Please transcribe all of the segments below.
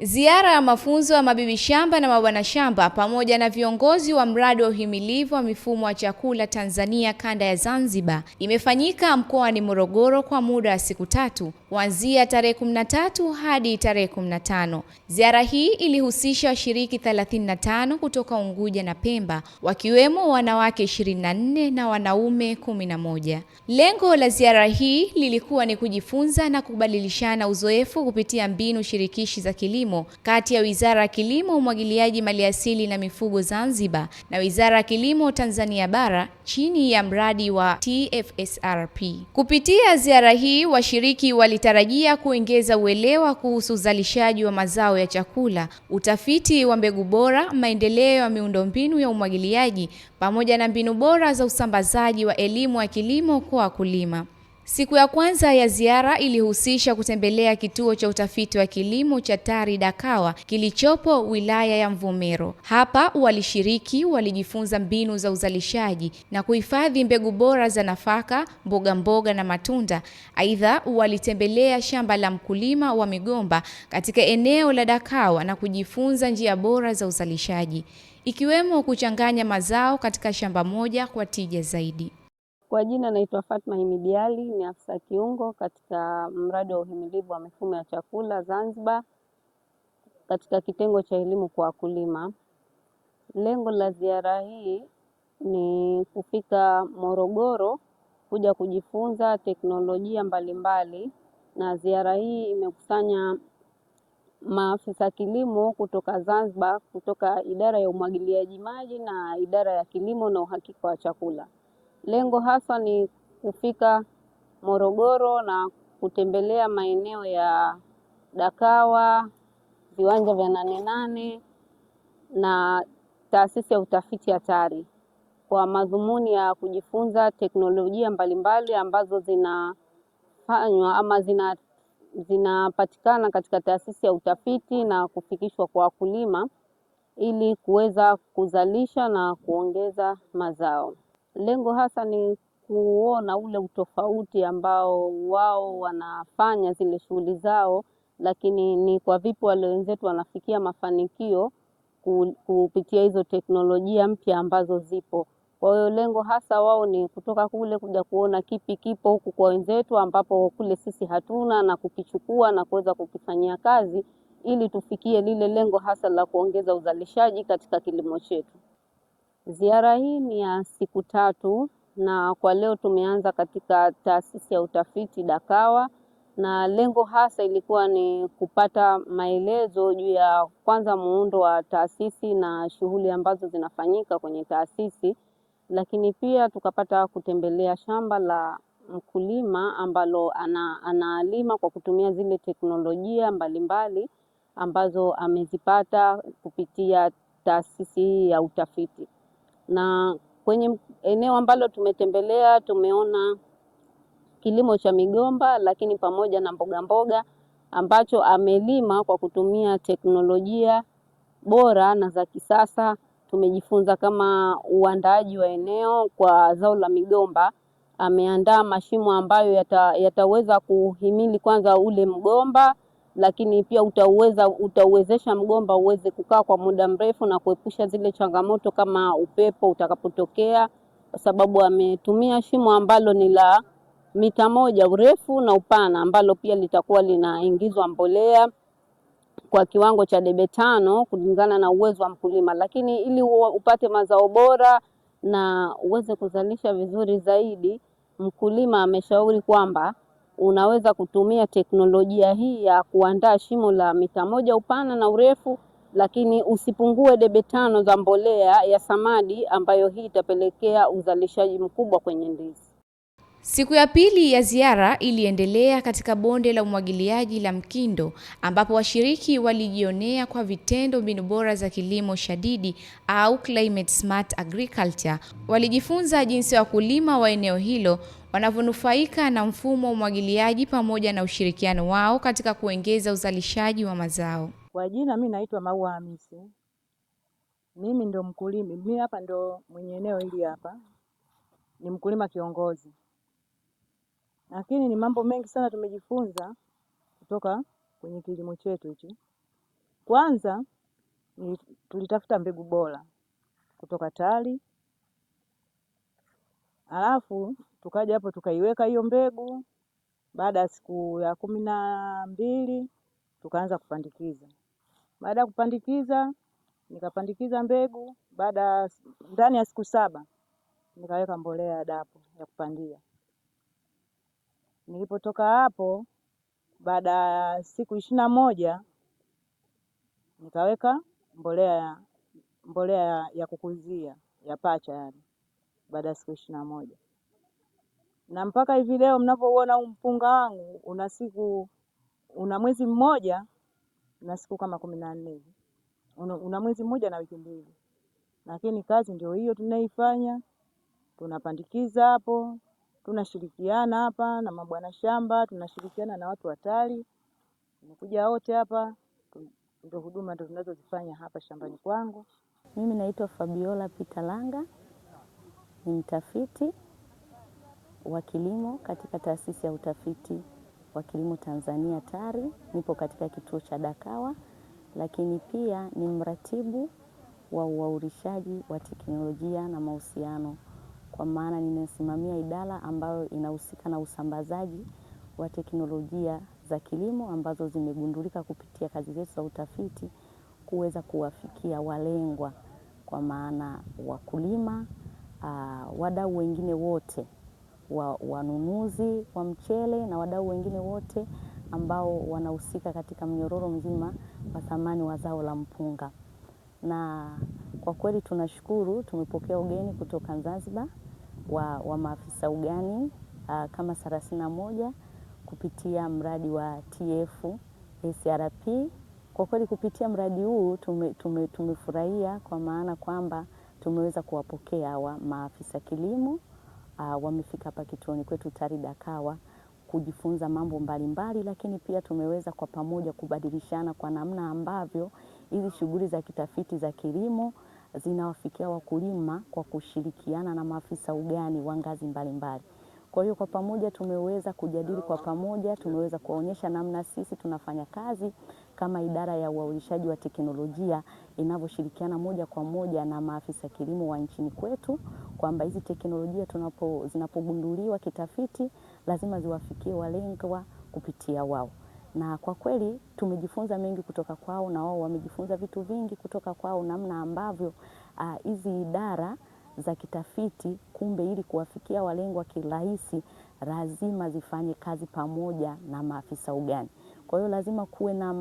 Ziara ya mafunzo ya mabibi shamba na mabwana shamba pamoja na viongozi wa mradi wa uhimilivu wa mifumo wa chakula Tanzania kanda ya Zanzibar imefanyika mkoani Morogoro kwa muda wa siku tatu kuanzia tarehe 13 hadi tarehe 15. Ziara hii ilihusisha washiriki 35 kutoka Unguja na Pemba wakiwemo wanawake 24 na wanaume 11. Lengo la ziara hii lilikuwa ni kujifunza na kubadilishana uzoefu kupitia mbinu shirikishi za kilimo kilimo kati ya Wizara ya Kilimo, Umwagiliaji, Maliasili na Mifugo Zanzibar na Wizara ya Kilimo Tanzania Bara chini ya mradi wa TFSRP. Kupitia ziara hii, washiriki walitarajia kuongeza uelewa kuhusu uzalishaji wa mazao ya chakula, utafiti wa mbegu bora, maendeleo ya miundombinu ya umwagiliaji pamoja na mbinu bora za usambazaji wa elimu ya kilimo kwa wakulima. Siku ya kwanza ya ziara ilihusisha kutembelea kituo cha utafiti wa kilimo cha TARI Dakawa kilichopo wilaya ya mvumero Hapa walishiriki walijifunza mbinu za uzalishaji na kuhifadhi mbegu bora za nafaka, mboga mboga na matunda. Aidha, walitembelea shamba la mkulima wa migomba katika eneo la Dakawa na kujifunza njia bora za uzalishaji, ikiwemo kuchanganya mazao katika shamba moja kwa tija zaidi. Kwa jina naitwa Fatma Himidiali, ni afisa kiungo katika mradi wa uhimilivu wa mifumo ya chakula Zanzibar, katika kitengo cha elimu kwa wakulima. Lengo la ziara hii ni kufika Morogoro kuja kujifunza teknolojia mbalimbali, na ziara hii imekusanya maafisa kilimo kutoka Zanzibar, kutoka idara ya umwagiliaji maji na idara ya kilimo na uhakika wa chakula. Lengo hasa ni kufika Morogoro na kutembelea maeneo ya Dakawa, viwanja vya Nane Nane na taasisi ya utafiti hatari kwa madhumuni ya kujifunza teknolojia mbalimbali ambazo zinafanywa ama zina zinapatikana katika taasisi ya utafiti na kufikishwa kwa wakulima ili kuweza kuzalisha na kuongeza mazao. Lengo hasa ni kuona ule utofauti ambao wao wanafanya zile shughuli zao, lakini ni kwa vipi wale wenzetu wanafikia mafanikio kupitia hizo teknolojia mpya ambazo zipo. Kwa hiyo lengo hasa wao ni kutoka kule kuja kuona kipi kipo huku kwa wenzetu ambapo kule sisi hatuna, na kukichukua na kuweza kukifanyia kazi ili tufikie lile lengo hasa la kuongeza uzalishaji katika kilimo chetu. Ziara hii ni ya siku tatu na kwa leo tumeanza katika taasisi ya utafiti Dakawa na lengo hasa ilikuwa ni kupata maelezo juu ya kwanza muundo wa taasisi na shughuli ambazo zinafanyika kwenye taasisi, lakini pia tukapata kutembelea shamba la mkulima ambalo ana, analima kwa kutumia zile teknolojia mbalimbali mbali, ambazo amezipata kupitia taasisi hii ya utafiti na kwenye eneo ambalo tumetembelea tumeona kilimo cha migomba, lakini pamoja na mboga mboga ambacho amelima kwa kutumia teknolojia bora na za kisasa. Tumejifunza kama uandaaji wa eneo kwa zao la migomba, ameandaa mashimo ambayo yata, yataweza kuhimili kwanza ule mgomba lakini pia utaweza utauwezesha mgomba uweze kukaa kwa muda mrefu na kuepusha zile changamoto kama upepo utakapotokea, kwa sababu ametumia shimo ambalo ni la mita moja urefu na upana, ambalo pia litakuwa linaingizwa mbolea kwa kiwango cha debe tano kulingana na uwezo wa mkulima. Lakini ili upate mazao bora na uweze kuzalisha vizuri zaidi, mkulima ameshauri kwamba unaweza kutumia teknolojia hii ya kuandaa shimo la mita moja upana na urefu, lakini usipungue debe tano za mbolea ya samadi, ambayo hii itapelekea uzalishaji mkubwa kwenye ndizi. Siku ya pili ya ziara iliendelea katika bonde la umwagiliaji la Mkindo ambapo washiriki walijionea kwa vitendo mbinu bora za kilimo shadidi au climate smart agriculture. Walijifunza jinsi wakulima wa eneo hilo wanavyonufaika na mfumo wa umwagiliaji pamoja na ushirikiano wao katika kuongeza uzalishaji wa mazao. Kwa jina mimi naitwa Maua Hamisi. Mimi ndo mkulima, mimi hapa ndo mwenye eneo hili hapa, ni mkulima kiongozi, lakini ni mambo mengi sana tumejifunza kutoka kwenye kilimo chetu hichi. Kwanza ni tulitafuta mbegu bora kutoka TARI, halafu Tukaja hapo tukaiweka hiyo mbegu, baada ya siku ya kumi na mbili tukaanza kupandikiza. Baada ya kupandikiza, nikapandikiza mbegu, baada ndani ya siku saba nikaweka mbolea ya dapo ya kupandia. Nilipotoka hapo, baada ya siku ishirini na moja nikaweka mbolea mbolea ya kukuzia ya pacha, yani baada ya siku ishirini na moja na mpaka hivi leo mnavyouona huu mpunga wangu una siku una mwezi mmoja na siku kama kumi na nne una mwezi mmoja na wiki mbili, lakini kazi ndio hiyo tunaifanya. Tunapandikiza hapo, tunashirikiana hapa na mabwana shamba, tunashirikiana na watu watali, tumekuja wote hapa. Ndio huduma ndio tunazozifanya hapa shambani kwangu. Mimi naitwa Fabiola Pitalanga, ni mtafiti wa kilimo katika taasisi ya utafiti wa kilimo Tanzania TARI, nipo katika kituo cha Dakawa, lakini pia ni mratibu wa uaurishaji wa teknolojia na mahusiano, kwa maana ninasimamia idara ambayo inahusika na usambazaji wa teknolojia za kilimo ambazo zimegundulika kupitia kazi zetu za utafiti kuweza kuwafikia walengwa, kwa maana wakulima, ah, wadau wengine wote wanunuzi wa mchele na wadau wengine wote ambao wanahusika katika mnyororo mzima wa thamani wa zao la mpunga. Na kwa kweli tunashukuru, tumepokea ugeni kutoka Zanzibar wa, wa maafisa ugani aa, kama thelathini na moja kupitia mradi wa SRP. Kwa kweli kupitia mradi huu tumefurahia tume, tumefurahia kwa maana kwamba tumeweza kuwapokea hawa maafisa kilimo uh, wamefika hapa kituoni kwetu TARI Kawa kujifunza mambo mbalimbali mbali, lakini pia tumeweza kwa pamoja kubadilishana kwa namna ambavyo hizi shughuli za kitafiti za kilimo zinawafikia wakulima kwa kushirikiana na maafisa ugani wa ngazi mbalimbali. Kwa hiyo kwa pamoja tumeweza kujadili kwa pamoja, tumeweza kuwaonyesha namna sisi tunafanya kazi kama idara ya uawilishaji wa teknolojia inavyoshirikiana moja kwa moja na maafisa kilimo wa nchini kwetu kwamba hizi teknolojia tunapo zinapogunduliwa kitafiti lazima ziwafikie walengwa kupitia wao, na kwa kweli tumejifunza mengi kutoka kwao na wao wamejifunza vitu vingi kutoka kwao, namna ambavyo ah, hizi uh, idara za kitafiti kumbe, ili kuwafikia walengwa kirahisi, lazima zifanye kazi pamoja na maafisa ugani. Kwa hiyo lazima kuwe na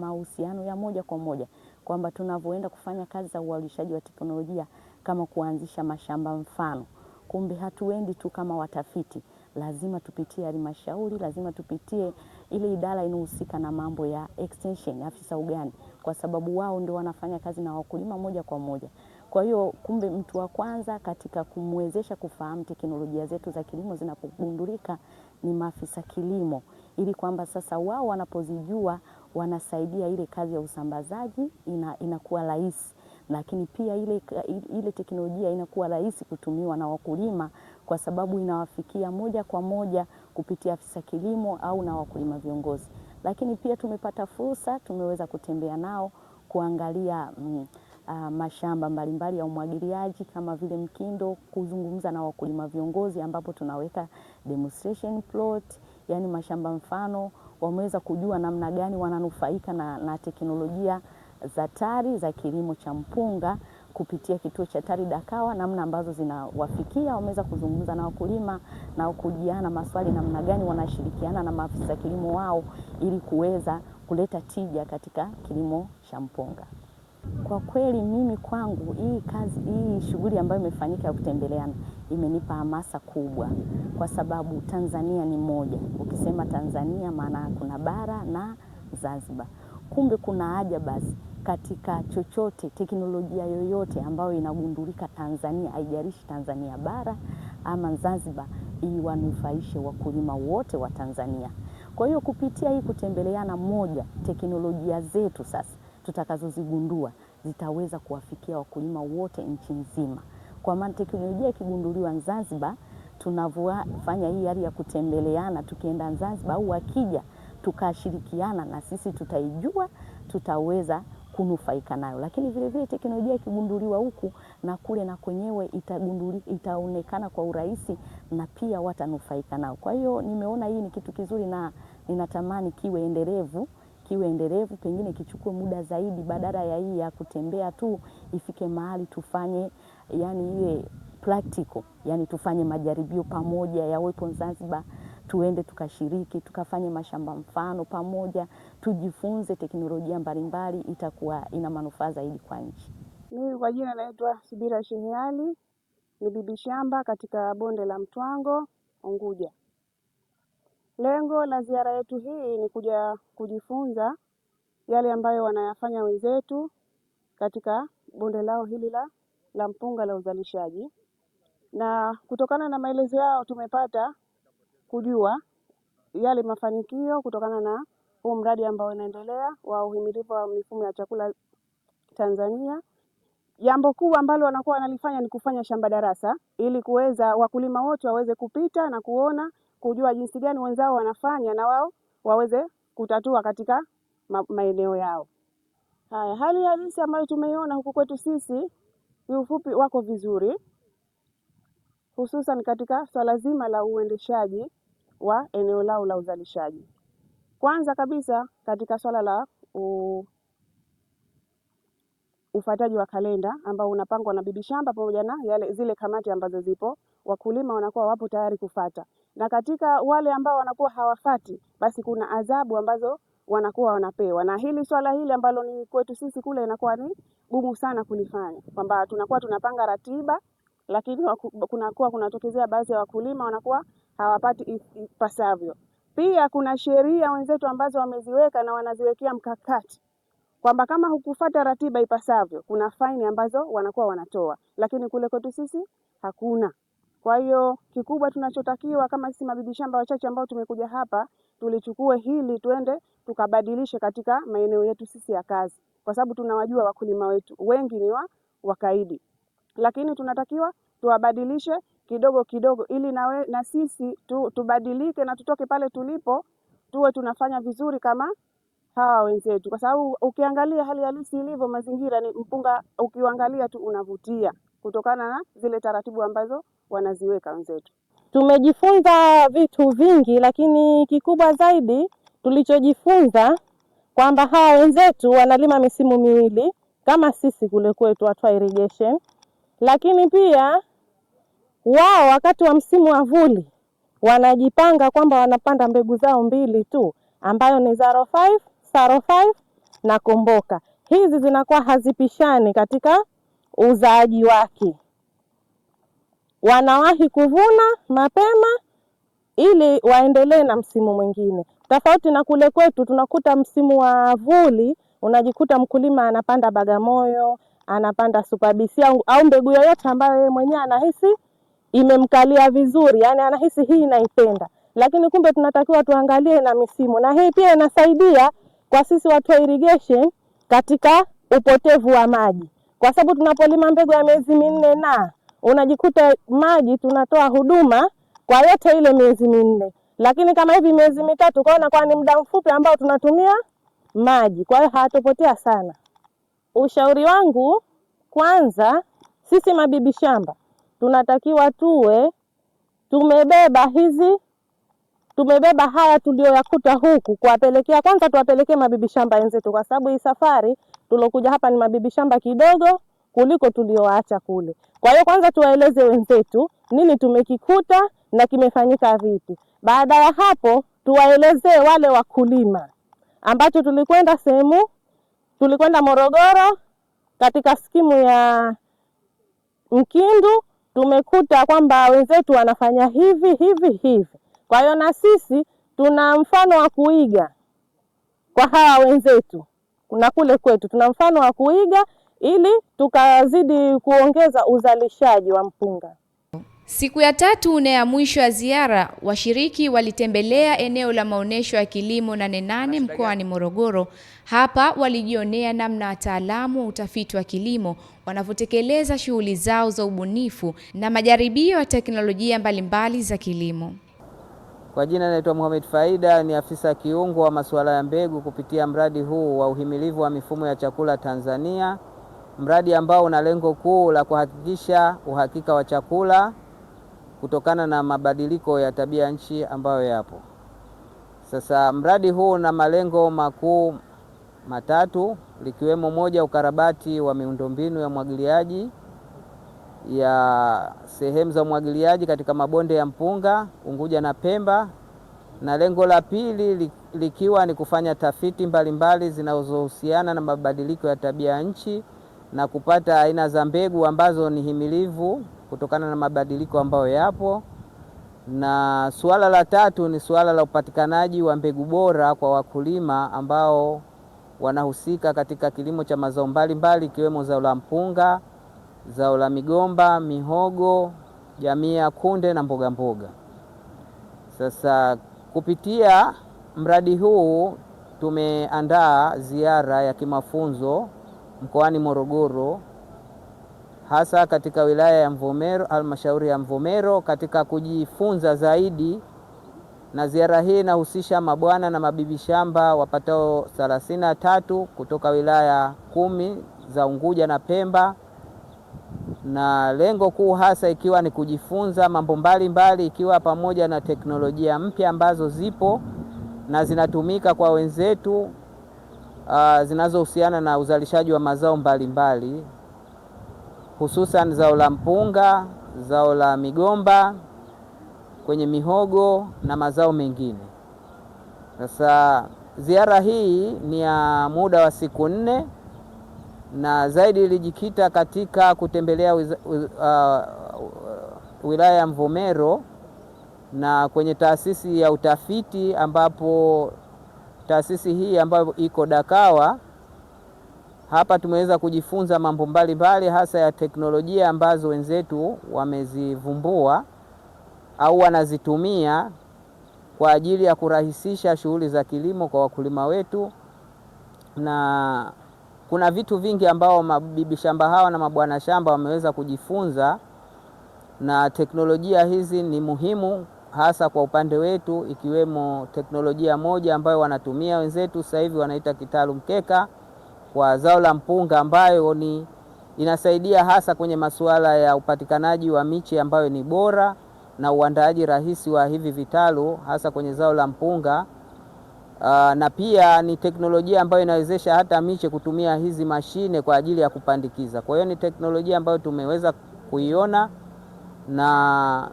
mahusiano ma, ya moja kwa moja kwamba tunavyoenda kufanya kazi za uhawilishaji wa teknolojia kama kuanzisha mashamba mfano, kumbe hatuendi tu kama watafiti, lazima tupitie halmashauri, lazima tupitie ile idara inayohusika na mambo ya extension, afisa ugani, kwa sababu wao ndio wanafanya kazi na wakulima moja kwa moja. Kwa hiyo kumbe, mtu wa kwanza katika kumwezesha kufahamu teknolojia zetu za kilimo zinapogundulika ni maafisa kilimo ili kwamba sasa wao wanapozijua wanasaidia ile kazi ya usambazaji ina, inakuwa rahisi, lakini pia ile, ile teknolojia inakuwa rahisi kutumiwa na wakulima kwa sababu inawafikia moja kwa moja kupitia afisa kilimo au na wakulima viongozi. Lakini pia tumepata fursa, tumeweza kutembea nao kuangalia mm, Uh, mashamba mbalimbali ya umwagiliaji kama vile Mkindo, kuzungumza na wakulima viongozi ambapo tunaweka demonstration plot yani mashamba mfano wameweza kujua namna gani wananufaika na, na teknolojia za TARI za kilimo cha mpunga kupitia kituo cha TARI Dakawa, namna ambazo zinawafikia. Wameweza kuzungumza na wakulima na kujiana maswali namna gani wanashirikiana na maafisa kilimo wao ili kuweza kuleta tija katika kilimo cha mpunga. Kwa kweli mimi kwangu hii kazi, hii shughuli ambayo imefanyika ya kutembeleana imenipa hamasa kubwa, kwa sababu Tanzania ni moja. Ukisema Tanzania maana kuna bara na Zanzibar. Kumbe kuna haja basi katika chochote, teknolojia yoyote ambayo inagundulika Tanzania, haijarishi Tanzania bara ama Zanzibar, ili wanufaishe wakulima wote wa Tanzania. Kwa hiyo kupitia hii kutembeleana moja, teknolojia zetu sasa tutakazozigundua zitaweza kuwafikia wakulima wote nchi nzima, kwa maana teknolojia ikigunduliwa Zanzibar, tunavyofanya hii hali ya kutembeleana, tukienda Zanzibar au wakija tukashirikiana na sisi, tutaijua tutaweza kunufaika nayo. Lakini vilevile teknolojia ikigunduliwa huku na kule, na kwenyewe itaonekana kwa urahisi na pia watanufaika nao. Kwa hiyo nimeona hii ni kitu kizuri na ninatamani kiwe endelevu kiwe endelevu, pengine kichukue muda zaidi, badala ya hii ya kutembea tu, ifike mahali tufanye yani iwe practical, yani tufanye majaribio pamoja yawepo Zanzibar, tuende tukashiriki, tukafanye mashamba mfano pamoja, tujifunze teknolojia mbalimbali, itakuwa ina manufaa zaidi kwa nchi. Mimi kwa jina naitwa Sibira Sheheali, ni bibi shamba katika bonde la Mtwango, Unguja. Lengo la ziara yetu hii ni kuja kujifunza yale ambayo wanayafanya wenzetu katika bonde lao hili la, la mpunga la uzalishaji, na kutokana na maelezo yao tumepata kujua yale mafanikio kutokana na huu mradi ambao unaendelea wa uhimilivu wa mifumo ya chakula Tanzania. Jambo kuu ambalo wanakuwa wanalifanya ni kufanya shamba darasa ili kuweza wakulima wote waweze kupita na kuona kujua jinsi gani wenzao wanafanya na wao waweze kutatua katika maeneo yao. Haya, hali halisi ambayo tumeiona huku kwetu sisi, ufupi wako vizuri, hususan katika swala so zima la uendeshaji wa eneo lao la uzalishaji. Kwanza kabisa katika swala la u... ufuataji wa kalenda ambao unapangwa na bibi shamba pamoja na yale zile kamati ambazo zipo, wakulima wanakuwa wapo tayari kufata na katika wale ambao wanakuwa hawafati, basi kuna adhabu ambazo wanakuwa wanapewa. Na hili swala hili ambalo ni kwetu sisi kule inakuwa ni gumu sana kulifanya, kwamba tunakuwa tunapanga ratiba, lakini kunakuwa kunatokezea baadhi ya wakulima wanakuwa hawapati ipasavyo. Pia kuna sheria wenzetu ambazo wameziweka na wanaziwekea mkakati kwamba kama hukufata ratiba ipasavyo, kuna faini ambazo wanakuwa wanatoa, lakini kule kwetu sisi hakuna. Kwa hiyo kikubwa tunachotakiwa kama sisi mabibi shamba wachache ambao tumekuja hapa, tulichukue hili twende tukabadilishe katika maeneo yetu sisi ya kazi, kwa sababu tunawajua wakulima wetu wengi ni wa wakaidi, lakini tunatakiwa tuwabadilishe kidogo kidogo, ili we, na sisi tu, tubadilike na tutoke pale tulipo, tuwe tunafanya vizuri kama hawa wenzetu, kwa sababu ukiangalia hali halisi ilivyo mazingira ni mpunga, ukiangalia tu unavutia kutokana na zile taratibu ambazo wanaziweka wenzetu. Tumejifunza vitu vingi, lakini kikubwa zaidi tulichojifunza kwamba hawa wenzetu wanalima misimu miwili kama sisi kule kwetu wa irrigation, lakini pia wao wakati wa msimu wa vuli wanajipanga kwamba wanapanda mbegu zao mbili tu ambayo ni Zaro 5, Saro 5 na Komboka. Hizi zinakuwa hazipishani katika uzaaji wake. Wanawahi kuvuna mapema ili waendelee na msimu mwingine, tofauti na kule kwetu tunakuta msimu wa vuli, unajikuta mkulima anapanda Bagamoyo, anapanda supabisi au, au mbegu yoyote ambayo yeye mwenyewe anahisi imemkalia vizuri, yani anahisi hii inaipenda lakini kumbe tunatakiwa tuangalie na misimu, na hii pia inasaidia kwa sisi watu wa irrigation katika upotevu wa maji kwa sababu tunapolima mbegu ya miezi minne na unajikuta maji tunatoa huduma kwa yote ile miezi minne, lakini kama hivi miezi mitatu, kwa hiyo ni muda mfupi ambao tunatumia maji, kwa hiyo hawatopotea sana. Ushauri wangu kwanza, sisi mabibi shamba tunatakiwa tuwe tumebeba hizi tumebeba haya tuliyoyakuta huku kuwapelekea, kwanza tuwapelekee mabibi shamba wenzetu, kwa sababu hii safari Tulokuja hapa ni mabibi shamba kidogo kuliko tulioacha kule. Kwa hiyo kwanza tuwaeleze wenzetu nini tumekikuta na kimefanyika vipi. Baada ya hapo, tuwaelezee wale wakulima ambacho tulikwenda sehemu, tulikwenda Morogoro katika skimu ya Mkindu, tumekuta kwamba wenzetu wanafanya hivi hivi hivi. Kwa hiyo na sisi tuna mfano wa kuiga kwa hawa wenzetu na kule kwetu tuna mfano wa kuiga ili tukazidi kuongeza uzalishaji wa mpunga. Siku ya tatu na ya mwisho ya ziara, washiriki walitembelea eneo la maonyesho ya kilimo Nane Nane mkoani Morogoro. Hapa walijionea namna wataalamu wa utafiti wa kilimo wanavyotekeleza shughuli zao za ubunifu na majaribio ya teknolojia mbalimbali za kilimo. Kwa jina naitwa Mohamed Faida, ni afisa kiungo wa masuala ya mbegu kupitia mradi huu wa uhimilivu wa mifumo ya chakula Tanzania, mradi ambao una lengo kuu la kuhakikisha uhakika wa chakula kutokana na mabadiliko ya tabia nchi ambayo yapo sasa. Mradi huu una malengo makuu matatu likiwemo moja, ukarabati wa miundombinu ya mwagiliaji ya sehemu za umwagiliaji katika mabonde ya mpunga Unguja na Pemba, na lengo la pili likiwa ni kufanya tafiti mbalimbali zinazohusiana na mabadiliko ya tabia ya nchi na kupata aina za mbegu ambazo ni himilivu kutokana na mabadiliko ambayo yapo. Na suala la tatu ni suala la upatikanaji wa mbegu bora kwa wakulima ambao wanahusika katika kilimo cha mazao mbalimbali ikiwemo zao la mpunga zao la migomba, mihogo, jamii ya kunde na mboga mboga. Sasa kupitia mradi huu tumeandaa ziara ya kimafunzo mkoani Morogoro hasa katika wilaya ya Mvomero, halmashauri ya Mvomero katika kujifunza zaidi, na ziara hii inahusisha mabwana na mabibi shamba wapatao 33 kutoka wilaya kumi za Unguja na Pemba na lengo kuu hasa ikiwa ni kujifunza mambo mbalimbali, ikiwa pamoja na teknolojia mpya ambazo zipo na zinatumika kwa wenzetu uh, zinazohusiana na uzalishaji wa mazao mbalimbali hususan zao la mpunga, zao la migomba, kwenye mihogo na mazao mengine. Sasa ziara hii ni ya muda wa siku nne na zaidi ilijikita katika kutembelea wiza, wiz, uh, wilaya ya Mvomero na kwenye taasisi ya utafiti ambapo taasisi hii ambayo iko Dakawa hapa tumeweza kujifunza mambo mbalimbali hasa ya teknolojia ambazo wenzetu wamezivumbua au wanazitumia kwa ajili ya kurahisisha shughuli za kilimo kwa wakulima wetu na kuna vitu vingi ambao mabibi shamba hawa na mabwana shamba wameweza kujifunza, na teknolojia hizi ni muhimu hasa kwa upande wetu, ikiwemo teknolojia moja ambayo wanatumia wenzetu sasa hivi wanaita kitalu mkeka kwa zao la mpunga, ambayo ni inasaidia hasa kwenye masuala ya upatikanaji wa miche ambayo ni bora na uandaaji rahisi wa hivi vitalu hasa kwenye zao la mpunga. Uh, na pia ni teknolojia ambayo inawezesha hata miche kutumia hizi mashine kwa ajili ya kupandikiza. Kwa hiyo ni teknolojia ambayo tumeweza kuiona na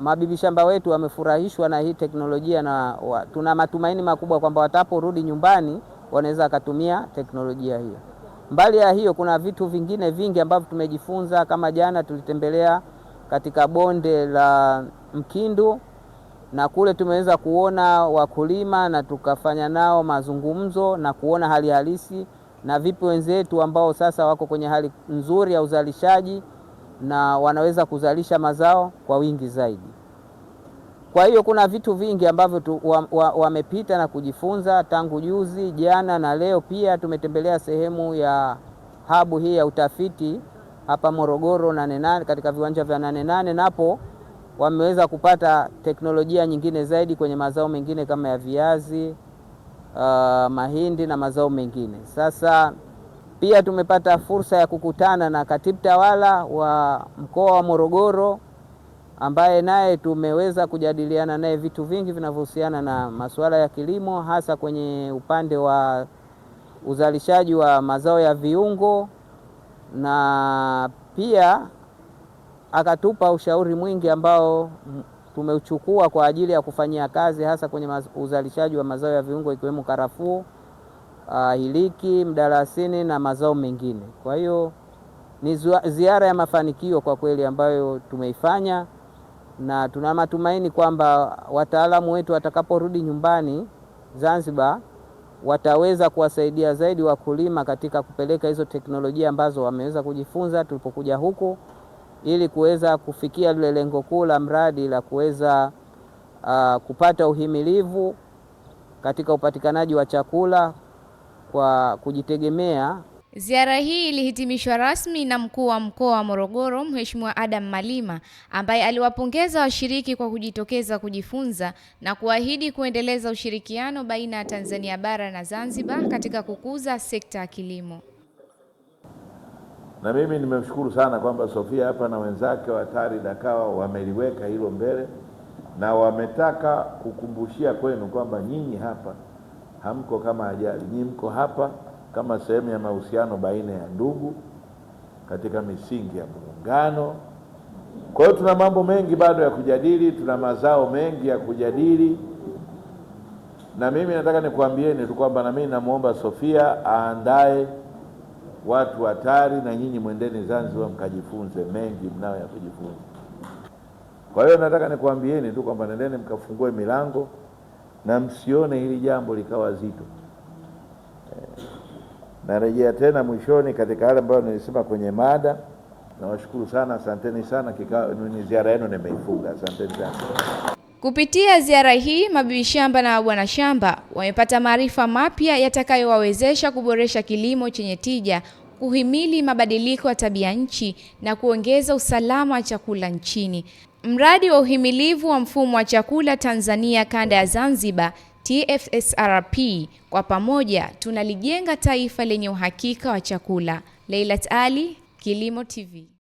mabibi shamba wetu wamefurahishwa na hii teknolojia na wa, tuna matumaini makubwa kwamba wataporudi nyumbani wanaweza wakatumia teknolojia hiyo. Mbali ya hiyo, kuna vitu vingine vingi ambavyo tumejifunza. Kama jana tulitembelea katika bonde la Mkindu na kule tumeweza kuona wakulima na tukafanya nao mazungumzo na kuona hali halisi na vipi wenzetu ambao sasa wako kwenye hali nzuri ya uzalishaji na wanaweza kuzalisha mazao kwa wingi zaidi. Kwa hiyo kuna vitu vingi ambavyo wamepita wa, wa na kujifunza tangu juzi, jana na leo. Pia tumetembelea sehemu ya habu hii ya utafiti hapa Morogoro nane katika viwanja vya Nane Nane napo wameweza kupata teknolojia nyingine zaidi kwenye mazao mengine kama ya viazi, uh, mahindi na mazao mengine. Sasa pia tumepata fursa ya kukutana na katibu tawala wa mkoa wa Morogoro ambaye naye tumeweza kujadiliana naye vitu vingi vinavyohusiana na masuala ya kilimo hasa kwenye upande wa uzalishaji wa mazao ya viungo na pia akatupa ushauri mwingi ambao tumeuchukua kwa ajili ya kufanyia kazi hasa kwenye uzalishaji wa mazao ya viungo ikiwemo karafuu, uh, ah, hiliki, mdalasini na mazao mengine. Kwa hiyo ni ziara ya mafanikio kwa kweli ambayo tumeifanya na tuna matumaini kwamba wataalamu wetu watakaporudi nyumbani Zanzibar wataweza kuwasaidia zaidi wakulima katika kupeleka hizo teknolojia ambazo wameweza kujifunza tulipokuja huku ili kuweza kufikia lile lengo kuu la mradi la kuweza uh, kupata uhimilivu katika upatikanaji wa chakula kwa kujitegemea. Ziara hii ilihitimishwa rasmi na mkuu wa mkoa wa Morogoro Mheshimiwa Adam Malima ambaye aliwapongeza washiriki kwa kujitokeza kujifunza na kuahidi kuendeleza ushirikiano baina ya Tanzania bara na Zanzibar katika kukuza sekta ya kilimo na mimi nimemshukuru sana kwamba Sofia hapa na wenzake wa TARI Dakawa wameliweka hilo mbele na wametaka kukumbushia kwenu kwamba nyinyi hapa hamko kama ajali, nyinyi mko hapa kama sehemu ya mahusiano baina ya ndugu katika misingi ya muungano. Kwa hiyo tuna mambo mengi bado ya kujadili, tuna mazao mengi ya kujadili, na mimi nataka nikuambieni tu kwamba na mimi namwomba Sofia aandae watu hatari, na nyinyi mwendeni Zanzibar mkajifunze mengi mnayo ya kujifunza. Kwa hiyo nataka nikuambieni tu kwamba nendeni mkafungue milango na msione hili jambo likawa zito. Eh, narejea tena mwishoni katika yale ambayo nilisema kwenye mada. Nawashukuru sana, asanteni sana. Kikao ni ziara yenu nimeifunga. Asanteni sana. Kupitia ziara hii, mabibi shamba na bwana shamba wamepata maarifa mapya yatakayowawezesha kuboresha kilimo chenye tija, kuhimili mabadiliko ya tabia nchi na kuongeza usalama wa chakula nchini. Mradi wa uhimilivu wa mfumo wa chakula Tanzania kanda ya Zanzibar TFSRP, kwa pamoja tunalijenga taifa lenye uhakika wa chakula. Leilat Ali, Kilimo TV.